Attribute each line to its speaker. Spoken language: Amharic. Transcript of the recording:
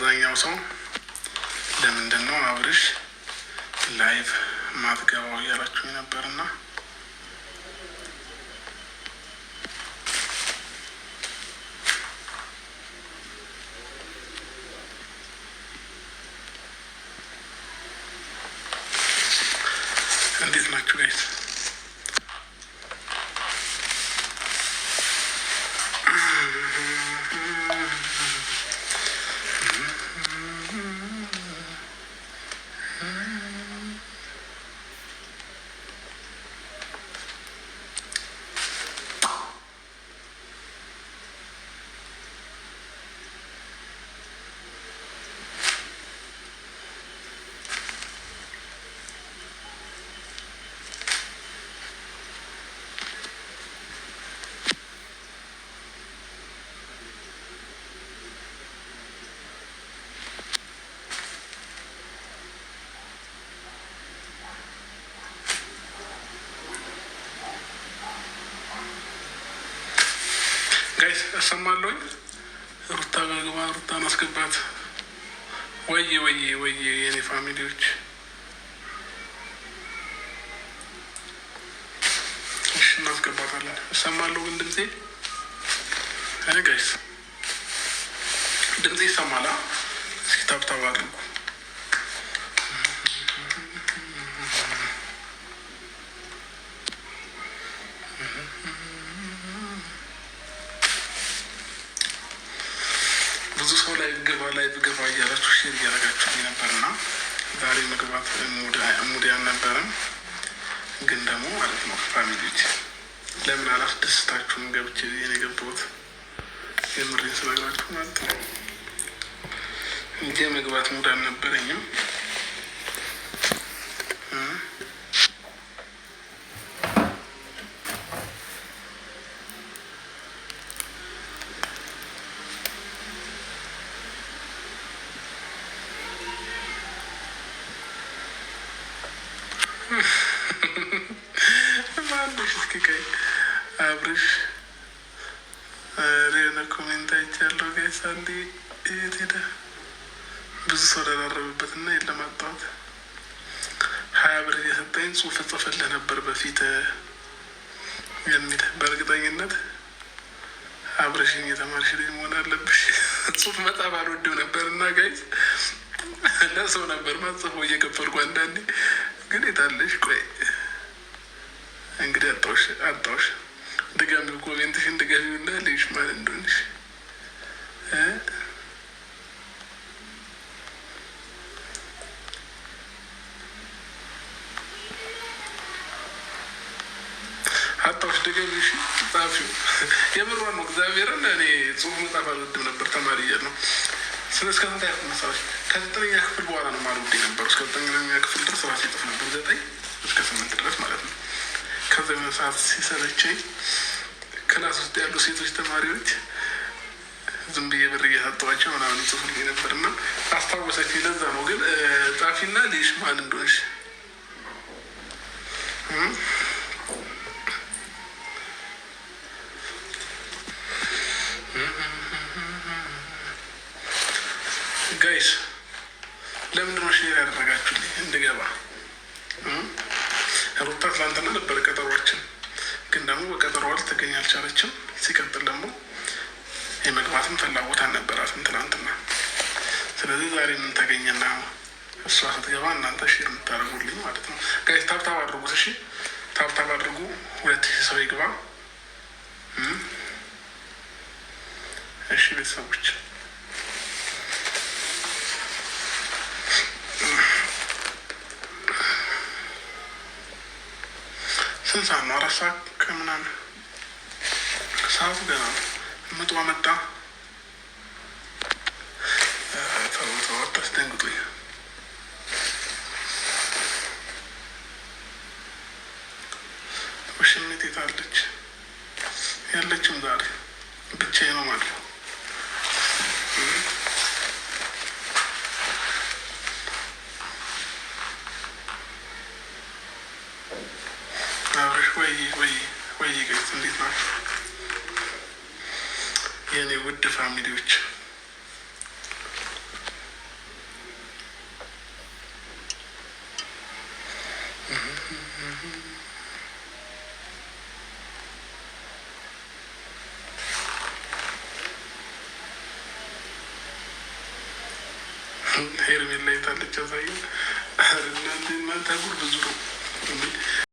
Speaker 1: አብዛኛው ሰው ለምንድን ነው አብርሽ ላይቭ ማትገባው እያላችሁ ነበርና እንዴት ናችሁ ጋይስ? እሰማለሁኝ። ሩታ ጋር ግባ፣ ሩታን አስገባት። ወየ ወየ ወየ የኔ ፋሚሊዎች እናስገባታለን። እሰማለሁ ግን ድምጼ እኔ ጋይስ ድምጼ ይሰማላ። እስኪ ታብታብ አድርጉ ብዙ ሰው ላይ ብገባ ላይ ብገባ እያላችሁ ሼር እያደረጋችሁ ነበርና ዛሬ መግባት ሙድ አልነበረም፣ ግን ደግሞ ማለት ነው ፋሚሊዎች ለምን አላስደስታችሁም? ገብቼ ዜን የገባሁት የምሬን ስነግራችሁ ማለት ነው እንጂ መግባት ሙድ አልነበረኝም። ማለሽ እስኪ ቀይ አብርሽ ሬነ ኮሜንት አይቻለሁ። ጋይስ አንዴ የት ሄደ? ብዙ ሰው ደራረበበት እና የለም አጣሁት። ሀያ ብር የሰጠኝ ጽሁፍ ጽፈለህ ነበር በፊት የሚል በእርግጠኝነት አብረሽኝ የተማርሽ ልጅ መሆን አለብሽ። ጽሁፍ መጣፍ አልወድም ነበር እና ጋይዝ ለሰው ነበር ማጽፎ እየከፈልኩ አንዳንዴ ግን የታለሽ? ቆይ እንግዲህ አጣሁሽ አጣሁሽ። ድጋሚ ኮሜንትሽን ድጋሚው እና ልሽ ማለት እንደሆንሽ አጣሁሽ ድጋሚ እሺ ጻፊው የምሯን ነው። እግዚአብሔርን እኔ ጽሁፍ መጻፍ አልወድም ነበር ተማሪ እያለሁ ስለ እስከ መሳዎች ከዘጠነኛ ክፍል በኋላ ነው ውዴ ነበሩ። እስከ ዘጠነኛ ክፍል ድረስ ራሴ እጥፍ ነበር፣ ዘጠኝ እስከ ስምንት ድረስ ማለት ነው። ከዚ የሆነ ሲሰለቸኝ ክላስ ውስጥ ያሉ ሴቶች ተማሪዎች ዝም ብዬ ብር እየሰጠኋቸው ምናምን ጽፉልኝ ነበር እና አስታወሰች። ለዛ ነው ግን ጻፊና ሌሽ ማን እንደሆንሽ ጋይስ ሼር ያደረጋችሁልኝ እንድገባ ሩታ ትላንትና ነበር ቀጠሯችን፣ ግን ደግሞ በቀጠሯ ልትገኝ አልቻለችም። ሲቀጥል ደግሞ የመግባትም ፍላጎት አልነበራትም ትላንትና። ስለዚህ ዛሬ ምን ተገኘና እሷ ስትገባ እናንተ ሼር የምታደርጉልኝ ማለት ነው። ጋይስ ታብታብ አድርጉ፣ እሺ ታብታብ አድርጉ። ሁለት ሺህ ሰው ይግባ። እሺ ቤተሰቦች ስንት ሰዓት ነው? አራት ሰዓት ከምናምን ሰዓቱ ገና ነው። ምጧ መጣ። አስደንግጦኝ ውሽሚት የት አለች? ያለችም ወይ ወይ ወይ ጋይስ እንዴት ናቸው የእኔ ውድ ፋሚሊዎች? ሄርሜላ የታለች? አሳየን። እናንተ ጉድ ብዙ ነው።